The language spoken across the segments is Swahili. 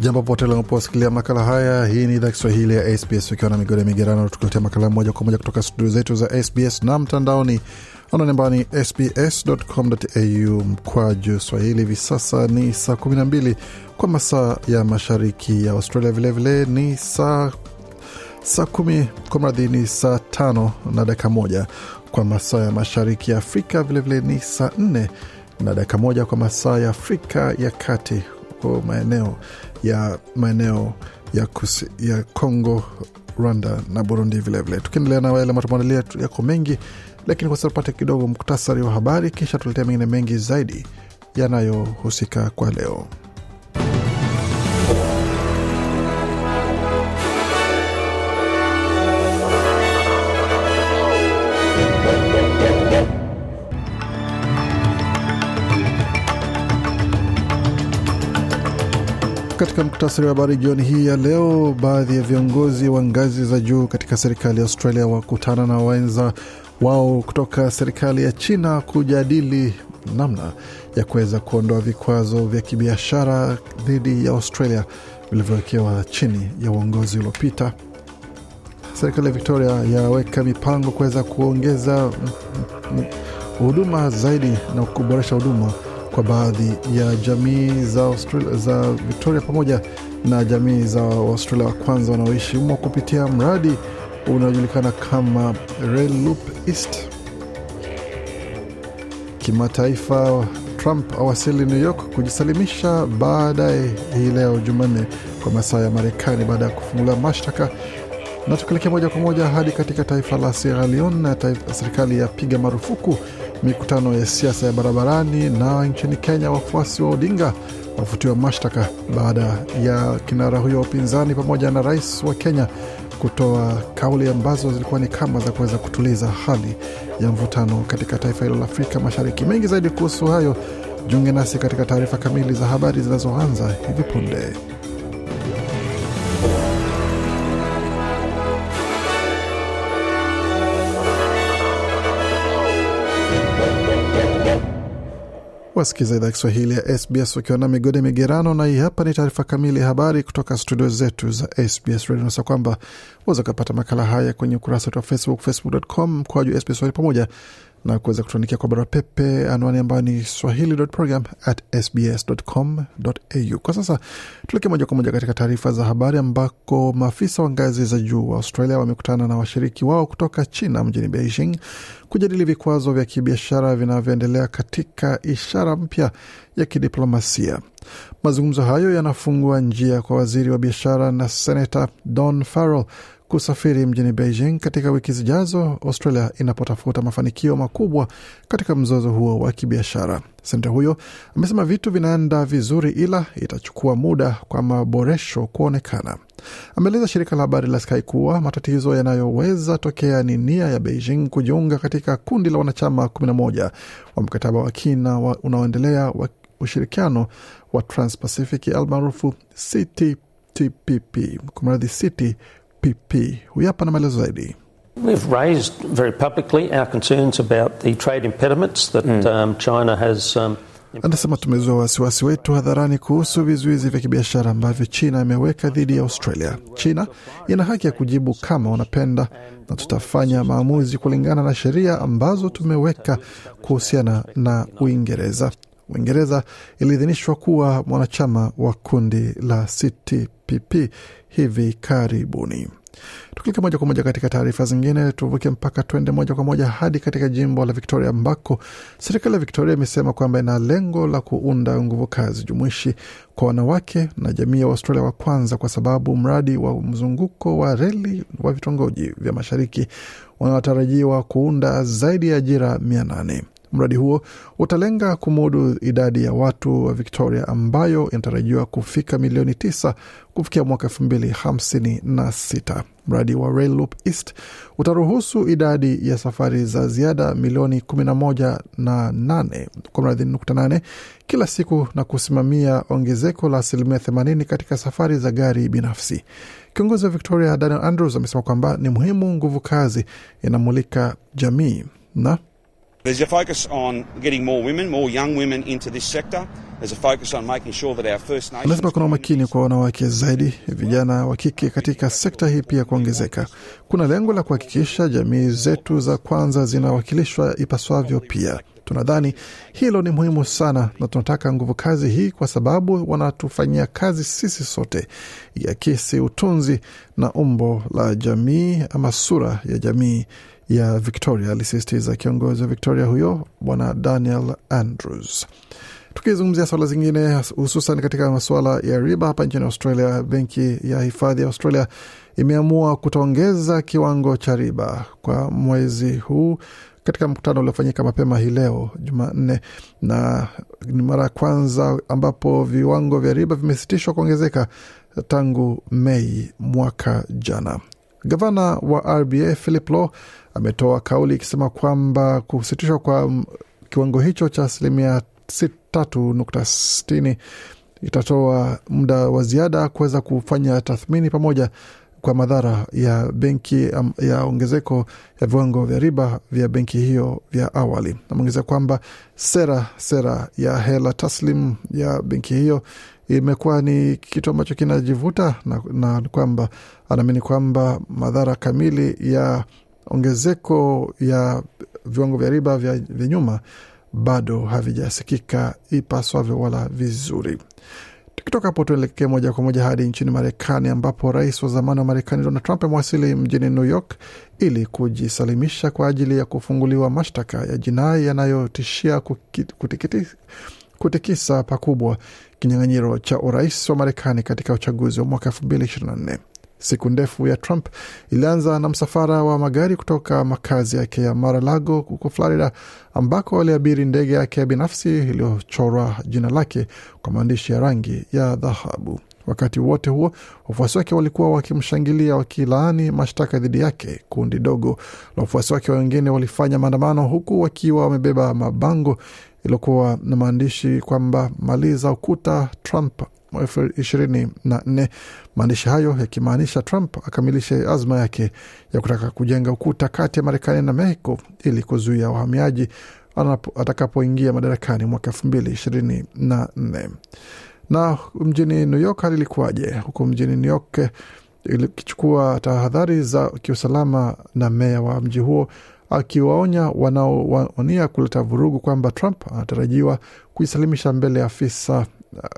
Jambo pote linaposikilia makala haya, hii ni idhaa Kiswahili ya SBS ukiwa na ya migerano, tukuletea makala moja kwa moja kutoka studio zetu za SBS na mtandaoni ni sbs.com.au mkwaju swahili. Hivi sasa ni saa 12 kwa masaa ya mashariki ya Australia, vilevile vile ni saa saa kumi kwa mradhi ni saa tano na dakika moja kwa masaa ya mashariki ya Afrika, vilevile vile ni saa nne na dakika moja kwa masaa ya Afrika ya kati kwa maeneo ya maeneo ya, ya Congo, Rwanda na Burundi vilevile. Tukiendelea na yale matumaandalia yako mengi, lakini kwa sasa tupate kidogo muktasari wa habari, kisha tuletea mengine mengi zaidi yanayohusika kwa leo. Katika muktasari wa habari jioni hii ya leo, baadhi ya viongozi wa ngazi za juu katika serikali ya Australia wakutana na wenza wao kutoka serikali ya China kujadili namna ya kuweza kuondoa vikwazo vya kibiashara dhidi ya Australia vilivyowekewa chini ya uongozi uliopita. Serikali ya Victoria yaweka mipango kuweza kuongeza huduma zaidi na kuboresha huduma kwa baadhi ya jamii za, za Victoria pamoja na jamii za Waustralia wa kwanza wanaoishi humo kupitia mradi unaojulikana kama Rail Loop East. Kimataifa, Trump awasili New York kujisalimisha baadaye hii leo Jumanne kwa masaa ya Marekani baada ya kufungulia mashtaka. Na tukielekea moja kwa moja hadi katika taifa la Sierra Leone, serikali yapiga marufuku mikutano ya siasa ya barabarani. Na nchini Kenya, wafuasi wa Odinga wafutiwa mashtaka baada ya kinara huyo wa upinzani pamoja na rais wa Kenya kutoa kauli ambazo zilikuwa ni kama za kuweza kutuliza hali ya mvutano katika taifa hilo la Afrika Mashariki. Mengi zaidi kuhusu hayo, jiunge nasi katika taarifa kamili za habari zinazoanza hivi punde. Wasikiza idhaa Kiswahili ya SBS ukiwa na migode migerano, na hii hapa ni taarifa kamili ya habari kutoka studio zetu za SBS Radio nasa kwamba waweza ukapata makala haya kwenye ukurasa wetu wa Facebook, facebook.com mkoaju SBS pamoja na kuweza kutuandikia kwa barua pepe, anwani ambayo ni swahili.program@sbs.com.au. Kwa sasa tuelekee moja kwa moja katika taarifa za habari, ambako maafisa wa ngazi za juu wa Australia wamekutana na washiriki wao kutoka China mjini Beijing kujadili vikwazo vya kibiashara vinavyoendelea katika ishara mpya ya kidiplomasia. Mazungumzo hayo yanafungua njia kwa waziri wa biashara na senata Don Farrell kusafiri mjini Beijing katika wiki zijazo, Australia inapotafuta mafanikio makubwa katika mzozo huo wa kibiashara. Senata huyo amesema vitu vinaenda vizuri, ila itachukua muda kwa maboresho kuonekana. Ameeleza shirika la habari la Sky kuwa matatizo yanayoweza tokea ni nia ya Beijing kujiunga katika kundi la wanachama 11 wa mkataba wa kina unaoendelea wa ushirikiano wa Transpacific almaarufu CTTPP, kumradhi CTPP. Huyu hapa na maelezo zaidi. We've raised very publicly our concerns about the trade impediments that mm. um, China has um, Anasema tumezua wasiwasi wetu hadharani kuhusu vizuizi vya kibiashara ambavyo China imeweka dhidi ya Australia. China ina haki ya kujibu kama wanapenda, na tutafanya maamuzi kulingana na sheria ambazo tumeweka kuhusiana na Uingereza. Uingereza iliidhinishwa kuwa mwanachama wa kundi la CTPP hivi karibuni. Tukilika moja kwa moja katika taarifa zingine, tuvuke mpaka tuende moja kwa moja hadi katika jimbo la Victoria ambako serikali ya Victoria imesema kwamba ina lengo la kuunda nguvu kazi jumuishi kwa wanawake na jamii ya Waustralia wa kwanza, kwa sababu mradi wa mzunguko wa reli wa vitongoji vya mashariki wanatarajiwa kuunda zaidi ya ajira mia nane. Mradi huo utalenga kumudu idadi ya watu wa Victoria ambayo inatarajiwa kufika milioni tisa kufikia mwaka elfu mbili hamsini na sita. Mradi wa Rail Loop East utaruhusu idadi ya safari za ziada milioni kumi na moja na nane kwa mradhi nukta nane kila siku na kusimamia ongezeko la asilimia themanini katika safari za gari binafsi. Kiongozi wa Victoria Daniel Andrews amesema kwamba ni muhimu nguvu kazi inamulika jamii na There's a focus on getting more women, more young women into this sector. There's a focus on making sure that our First Lazima kuna umakini kwa wanawake zaidi, vijana wa kike katika sekta hii pia kuongezeka. Kuna lengo la kuhakikisha jamii zetu za kwanza zinawakilishwa ipaswavyo pia. Tunadhani hilo ni muhimu sana, na tunataka nguvu kazi hii kwa sababu wanatufanyia kazi sisi sote, ya kisi utunzi na umbo la jamii ama sura ya jamii ya Victoria, alisisitiza kiongozi wa Victoria huyo Bwana Daniel Andrews. Tukizungumzia swala zingine, hususan katika masuala ya riba hapa nchini Australia, benki ya hifadhi ya Australia imeamua kutoongeza kiwango cha riba kwa mwezi huu katika mkutano uliofanyika mapema hii leo Jumanne, na ni mara ya kwanza ambapo viwango vya riba vimesitishwa kuongezeka tangu Mei mwaka jana. Gavana wa RBA Philip law ametoa kauli ikisema kwamba kusitishwa kwa kiwango hicho cha asilimia tatu nukta itatoa muda wa ziada kuweza kufanya tathmini pamoja kwa madhara ya benki ya ongezeko ya viwango vya riba vya benki hiyo vya awali. ameongezea kwamba sera sera ya hela taslim ya benki hiyo imekuwa ni kitu ambacho kinajivuta na, na kwamba anaamini kwamba madhara kamili ya ongezeko ya viwango vya riba vya, vya nyuma bado havijasikika ipaswavyo wala vizuri. Tukitoka hapo tuelekee moja kwa moja hadi nchini Marekani, ambapo rais wa zamani wa Marekani Donald Trump amewasili mjini New York ili kujisalimisha kwa ajili ya kufunguliwa mashtaka ya jinai yanayotishia kutikisa pakubwa kinyang'anyiro cha urais wa Marekani katika uchaguzi wa mwaka 2024. Siku ndefu ya Trump ilianza na msafara wa magari kutoka makazi yake ya maralago huko Florida, ambako aliabiri ndege yake ya binafsi iliyochorwa jina lake kwa maandishi ya rangi ya dhahabu. Wakati wote huo, wafuasi wake walikuwa wakimshangilia, wakilaani mashtaka dhidi yake. Kundi dogo la wafuasi wake wengine walifanya maandamano, huku wakiwa wamebeba mabango iliokuwa na maandishi kwamba maliza ukuta Trump elfu ishirini na nne. Maandishi hayo yakimaanisha Trump akamilishe azma yake ya kutaka kujenga ukuta kati ya Marekani na Mexico ili kuzuia wahamiaji atakapoingia madarakani mwaka elfu mbili ishirini na nne. Na mjini New York hali ilikuwaje? Huku mjini New York ikichukua tahadhari za kiusalama na meya wa mji huo akiwaonya wanaowania kuleta vurugu kwamba Trump anatarajiwa kuisalimisha mbele ya afisa uh,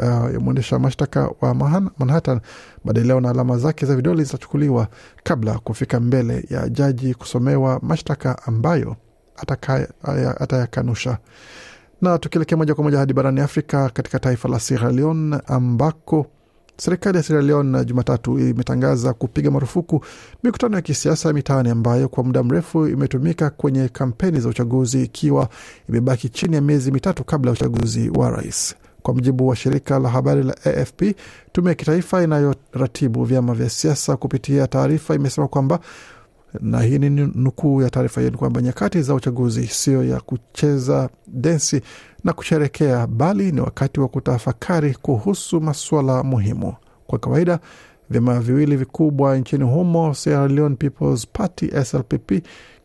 uh ya mwendesha mashtaka wa Manhattan. Baadaye leo na alama zake za vidole zitachukuliwa kabla ya kufika mbele ya jaji kusomewa mashtaka ambayo atayakanusha. Na tukielekea moja kwa moja hadi barani Afrika, katika taifa la Sierra Leone ambako Serikali ya Sierra Leone Jumatatu imetangaza kupiga marufuku mikutano ya kisiasa ya mitaani ambayo kwa muda mrefu imetumika kwenye kampeni za uchaguzi ikiwa imebaki chini ya miezi mitatu kabla ya uchaguzi wa rais. Kwa mujibu wa shirika la habari la AFP, tume ya kitaifa inayoratibu vyama vya siasa kupitia taarifa imesema kwamba na hii ni nukuu ya taarifa hiyo, ni kwamba nyakati za uchaguzi siyo ya kucheza densi na kusherekea, bali ni wakati wa kutafakari kuhusu masuala muhimu. Kwa kawaida vyama viwili vikubwa nchini humo, Sierra Leone People's Party SLPP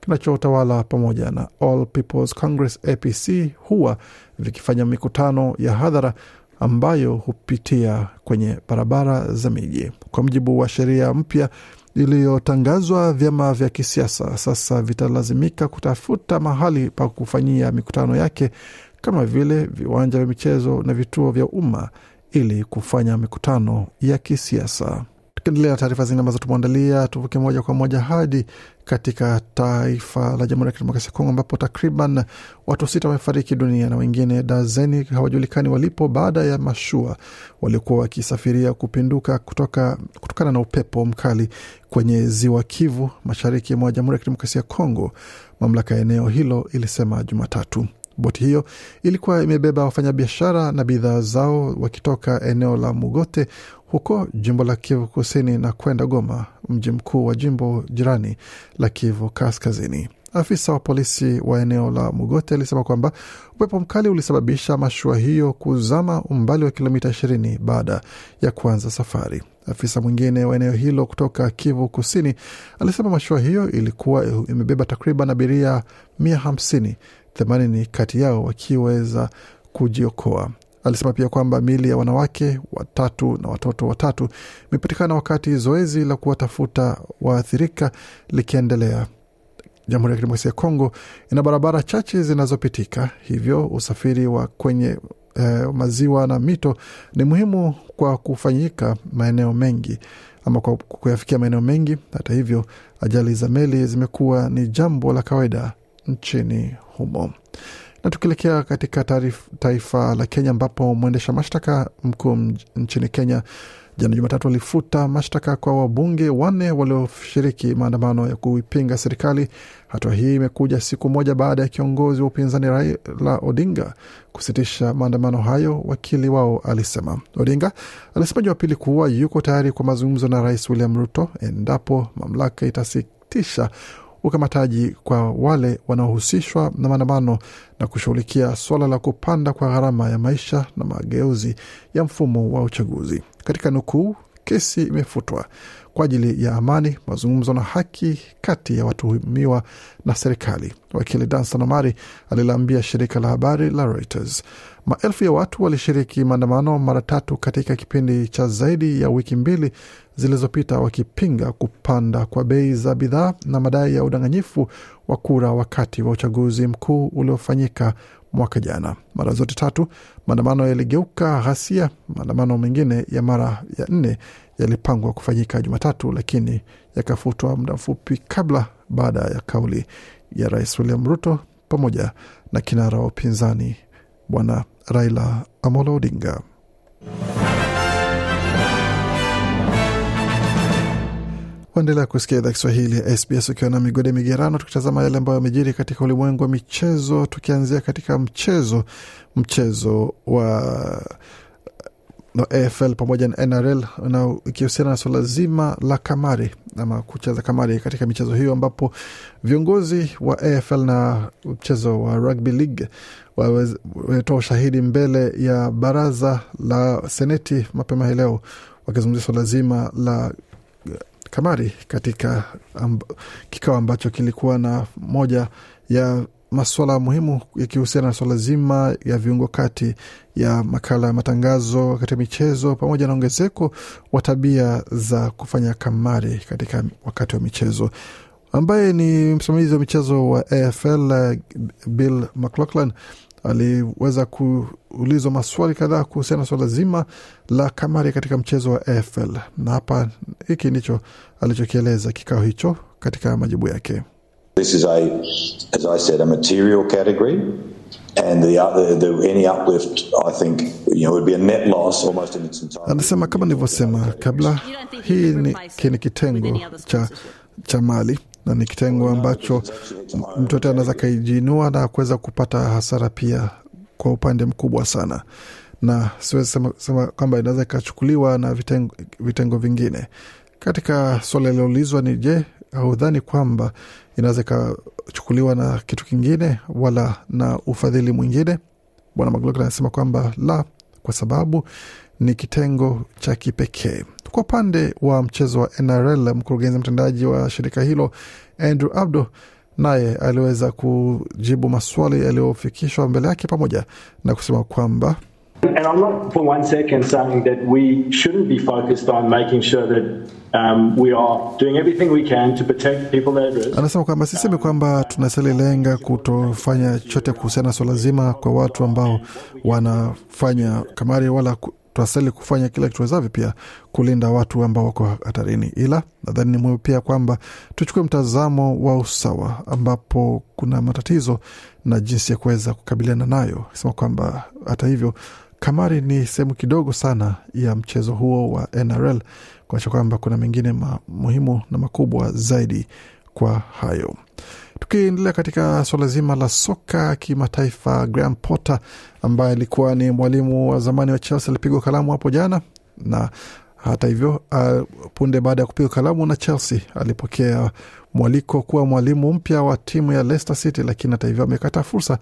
kinachotawala pamoja na All People's Congress APC huwa vikifanya mikutano ya hadhara ambayo hupitia kwenye barabara za miji. Kwa mujibu wa sheria mpya iliyotangazwa, vyama vya kisiasa sasa vitalazimika kutafuta mahali pa kufanyia mikutano yake kama vile viwanja vya michezo na vituo vya umma ili kufanya mikutano ya kisiasa. Tukiendelea taarifa zingine ambazo tumeandalia, tuvuke moja kwa moja hadi katika taifa la Jamhuri ya Kidemokrasia ya Kongo ambapo takriban watu sita wamefariki dunia na wengine dazeni hawajulikani walipo baada ya mashua waliokuwa wakisafiria kupinduka kutoka, kutokana na upepo mkali kwenye ziwa Kivu mashariki mwa Jamhuri ya Kidemokrasia ya Kongo, mamlaka ya eneo hilo ilisema Jumatatu. Boti hiyo ilikuwa imebeba wafanyabiashara na bidhaa zao wakitoka eneo la Mugote huko jimbo la Kivu Kusini na kwenda Goma, mji mkuu wa jimbo jirani la Kivu Kaskazini. Afisa wa polisi wa eneo la Mugote alisema kwamba upepo mkali ulisababisha mashua hiyo kuzama umbali wa kilomita ishirini baada ya kuanza safari. Afisa mwingine wa eneo hilo kutoka Kivu Kusini alisema mashua hiyo ilikuwa imebeba takriban abiria hamsini themanini kati yao wakiweza kujiokoa. Alisema pia kwamba mili ya wanawake watatu na watoto watatu imepatikana wakati zoezi la kuwatafuta waathirika likiendelea. Jamhuri ya Kidemokrasia ya Kongo ina barabara chache zinazopitika, hivyo usafiri wa kwenye eh, maziwa na mito ni muhimu kwa kufanyika maeneo mengi ama kwa kuyafikia maeneo mengi. Hata hivyo, ajali za meli zimekuwa ni jambo la kawaida nchini humo. Na tukielekea katika tarif, taifa la Kenya ambapo mwendesha mashtaka mkuu nchini Kenya jana Jumatatu alifuta mashtaka kwa wabunge wanne walioshiriki maandamano ya kuipinga serikali. Hatua hii imekuja siku moja baada ya kiongozi wa upinzani Raila Odinga kusitisha maandamano hayo, wakili wao alisema. Odinga alisema Jumapili kuwa yuko tayari kwa mazungumzo na Rais William Ruto endapo mamlaka itasitisha ukamataji kwa wale wanaohusishwa na maandamano na kushughulikia suala la kupanda kwa gharama ya maisha na mageuzi ya mfumo wa uchaguzi. Katika nukuu, kesi imefutwa kwa ajili ya amani, mazungumzo na haki kati ya watuhumiwa na serikali. Wakili Dan alilaambia shirika la habari la Reuters Maelfu ya watu walishiriki maandamano mara tatu katika kipindi cha zaidi ya wiki mbili zilizopita, wakipinga kupanda kwa bei za bidhaa na madai ya udanganyifu wa kura wakati wa uchaguzi mkuu uliofanyika mwaka jana. Mara zote tatu maandamano yaligeuka ghasia. Maandamano mengine ya mara ya nne yalipangwa kufanyika Jumatatu lakini yakafutwa muda mfupi kabla, baada ya kauli ya Rais William Ruto pamoja na kinara wa upinzani Bwana Raila Amolo Odinga. Waendelea kusikia idhaa Kiswahili ya SBS ukiwa na migode migerano, tukitazama yale ambayo yamejiri katika ulimwengu wa michezo, tukianzia katika mchezo mchezo wa na AFL pamoja na NRL na ikihusiana na swala zima la kamari ama kucheza kamari katika michezo hiyo, ambapo viongozi wa AFL na mchezo wa rugby league wametoa ushahidi mbele ya baraza la seneti mapema hii leo, wakizungumzia swala zima la kamari katika amb, kikao ambacho kilikuwa na moja ya maswala muhimu yakihusiana na swala zima ya viungo kati ya makala ya matangazo wakati michezo, pamoja na ongezeko wa tabia za kufanya kamari katika wakati wa michezo ambaye ni msimamizi wa michezo wa AFL Bill McLachlan aliweza kuulizwa maswali kadhaa kuhusiana na swala zima la kamari katika mchezo wa AFL, na hapa hiki ndicho alichokieleza kikao hicho katika majibu yake. This is a, as I said, a material category. And the, uh, the, the, any uplift, I think, you know, would be a net loss almost in its entirety. Anasema kama nilivyosema kabla, hii ni, kini kitengo cha, cha mali na ni kitengo ambacho mtu yote anaweza kaijiinua na kuweza kupata hasara pia kwa upande mkubwa sana na siwezi sema, sema kwamba inaweza ikachukuliwa na vitengo, vitengo vingine. Katika swala liloulizwa ni je, haudhani kwamba inaweza ikachukuliwa na kitu kingine wala na ufadhili mwingine? Bwana Maglok anasema kwamba la, kwa sababu ni kitengo cha kipekee. Kwa upande wa mchezo wa NRL, mkurugenzi mtendaji wa shirika hilo Andrew Abdo naye aliweza kujibu maswali yaliyofikishwa mbele yake pamoja na kusema kwamba And I'm not for one second saying that we shouldn't be focused on making sure that Um, we are doing everything we can to protect people at risk. Anasema kwamba sisemi kwamba lenga kutofanya chote kuhusiana swala zima kwa watu ambao wanafanya kamari, wala tunastahili kufanya kila tuwezavyo pia kulinda watu ambao wako hatarini, ila nadhani ni muhimu pia kwamba tuchukue mtazamo wa usawa ambapo kuna matatizo na jinsi ya kuweza kukabiliana nayo. Sema kwamba hata hivyo Kamari ni sehemu kidogo sana ya mchezo huo wa NRL, kuonyesha kwamba kuna mengine muhimu na makubwa zaidi kwa hayo. Tukiendelea katika swala zima la soka kimataifa, Graham Potter ambaye alikuwa ni mwalimu wa zamani wa Chelsea alipigwa kalamu hapo jana na hata hivyo, uh, punde baada ya kupigwa kalamu na Chelsea alipokea mwaliko kuwa mwalimu mpya wa timu ya Leicester City, lakini hata hivyo amekata fursa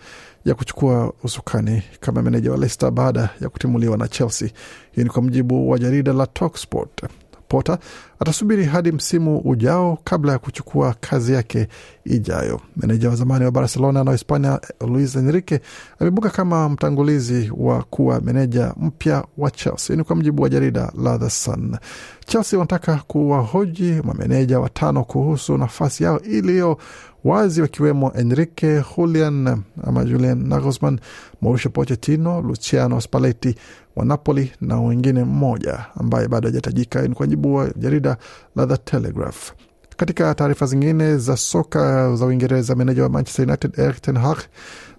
ya kuchukua usukani kama meneja wa Leicester baada ya kutimuliwa na Chelsea. hii ni kwa mujibu wa jarida la Talksport. Potter atasubiri hadi msimu ujao kabla ya kuchukua kazi yake ijayo. Meneja wa zamani wa Barcelona na Hispania Luis Enrique amebuka kama mtangulizi wa kuwa meneja mpya wa Chelsea. Ni kwa mjibu wa jarida la The Sun. Chelsea wanataka kuwahoji mameneja watano kuhusu nafasi yao iliyo wazi wakiwemo Enrique, Julian ama Julian Nagelsmann, Mauricio Pochettino, Luciano Spalletti wa Napoli na wengine mmoja ambaye bado hajatajika. Ni kwa mujibu wa jarida la The Telegraph. Katika taarifa zingine za soka za Uingereza, meneja wa Manchester United Erik ten Hag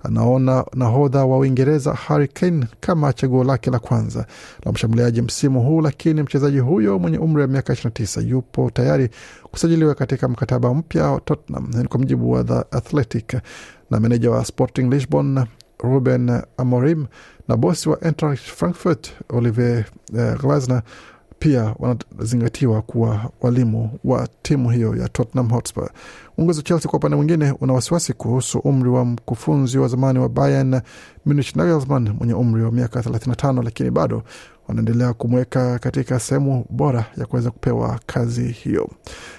anaona nahodha wa Uingereza Harry Kane kama chaguo lake la kwanza la mshambuliaji msimu huu, lakini mchezaji huyo mwenye umri wa miaka 29 yupo tayari kusajiliwa katika mkataba mpya wa Tottenham, kwa mujibu wa The Athletic. Na meneja wa Sporting Lisbon Ruben Amorim na bosi wa Eintracht Frankfurt Olivier eh, Glasner pia wanazingatiwa kuwa walimu wa timu hiyo ya Tottenham Hotspur. Uongozi wa Chelsea kwa upande mwingine una wasiwasi kuhusu umri wa mkufunzi wa zamani wa Bayern Munich Nagelsmann mwenye umri wa miaka 35, lakini bado wanaendelea kumweka katika sehemu bora ya kuweza kupewa kazi hiyo.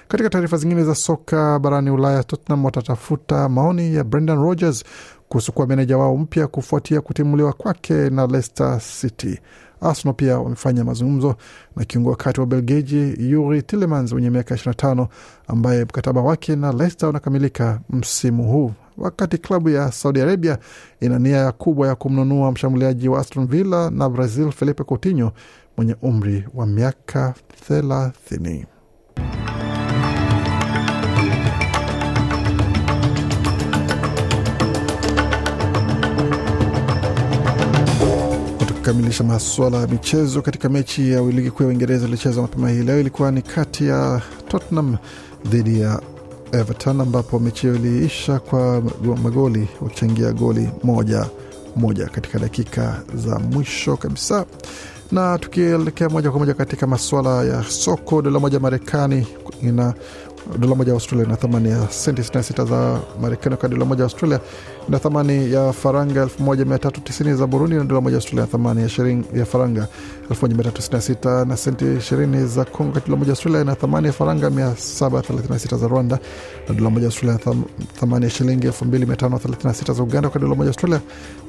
Katika taarifa zingine za soka barani Ulaya, Tottenham watatafuta maoni ya Brendan Rodgers kuhusu kuwa meneja wao mpya kufuatia kutimuliwa kwake na Leicester City. Arsenal pia wamefanya mazungumzo na kiungo wa kati wa Belgiji Yuri Tillemans mwenye miaka 25 ambaye mkataba wake na Leicester unakamilika msimu huu, wakati klabu ya Saudi Arabia ina nia kubwa ya kumnunua mshambuliaji wa Aston Villa na Brazil Felipe Coutinho mwenye umri wa miaka thelathini kukamilisha maswala ya michezo katika mechi ya ligi kuu ya Uingereza ilicheza mapema hii leo, ilikuwa ni kati ya Tottenham dhidi ya Everton, ambapo mechi hiyo iliisha kwa magoli wakichangia goli moja moja katika dakika za mwisho kabisa. Na tukielekea moja kwa moja katika maswala ya soko, dola moja Marekani ina dola moja Australia ina thamani ya senti 66 za Marekani, kwa dola moja Australia na thamani ya faranga 1390 za Burundi na dola moja Australia, na thamani ya shilingi ya faranga 1366 na senti 20 za Kongo, dola moja Australia, na thamani ya faranga 736 za Rwanda na dola moja Australia, na thamani ya shilingi 2536 za Uganda kwa dola moja Australia,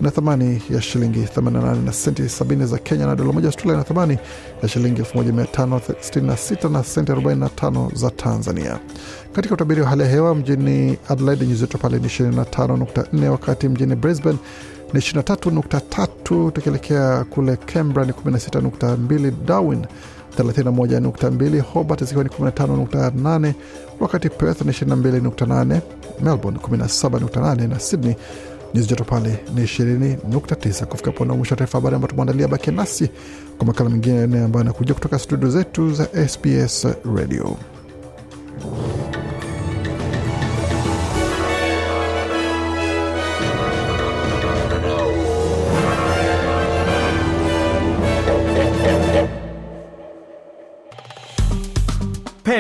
na thamani ya shilingi 88 na senti 70 za Kenya na dola moja Australia, na thamani ya shilingi 1566 na senti 45 za Tanzania. Katika utabiri wa hali ya hewa mjini Adelaide nyuzi joto pale ni 25.4, wakati mjini Brisbane ni 23.3, tukielekea kule Canberra ni 16.2, Darwin 31.2, Hobart zikiwa ni 15.8, wakati Perth ni 22.8, Melbourne 17.8 na Sydney nyuzi joto pale ni 20.9. Kufika pona mwisho wa taarifa habari ambayo tumeandalia, bakia nasi kwa makala mengine ambayo anakuja kutoka studio zetu za SBS Radio.